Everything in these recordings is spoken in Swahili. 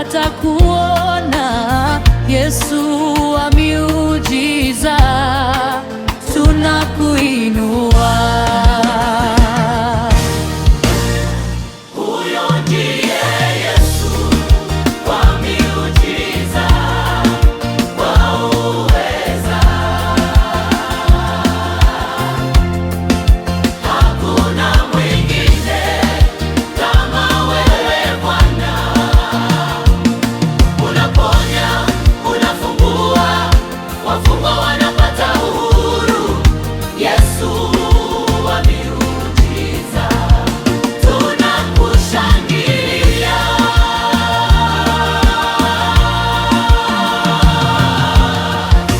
atakuona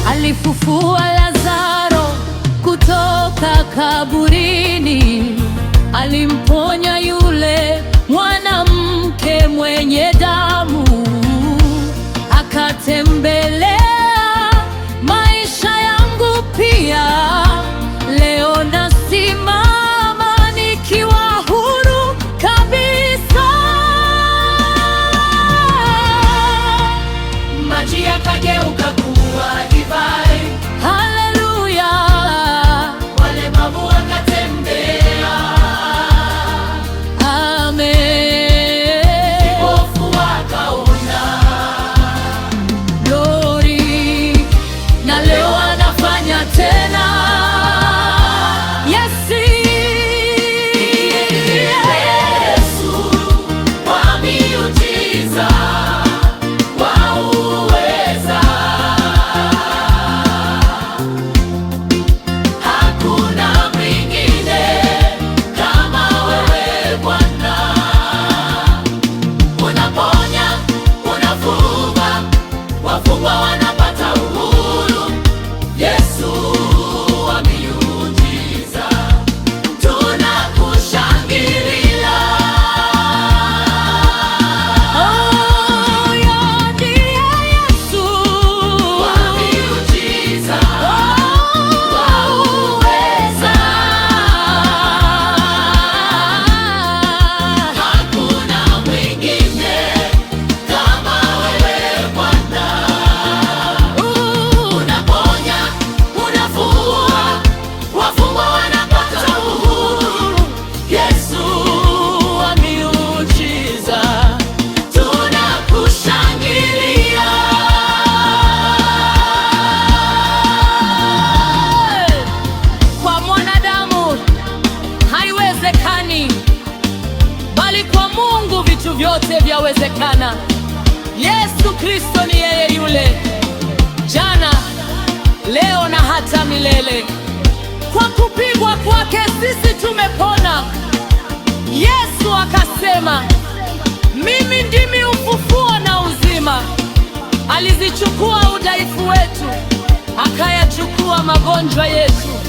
Alifufua Lazaro kutoka kaburini, alimponya yule mwanamke mwenye damu akatembele inawezekana. Yesu Kristo ni yeye yule jana, leo na hata milele. Kwa kupigwa kwake sisi tumepona. Yesu akasema, mimi ndimi ufufuo na uzima. Alizichukua udhaifu wetu, akayachukua magonjwa yetu.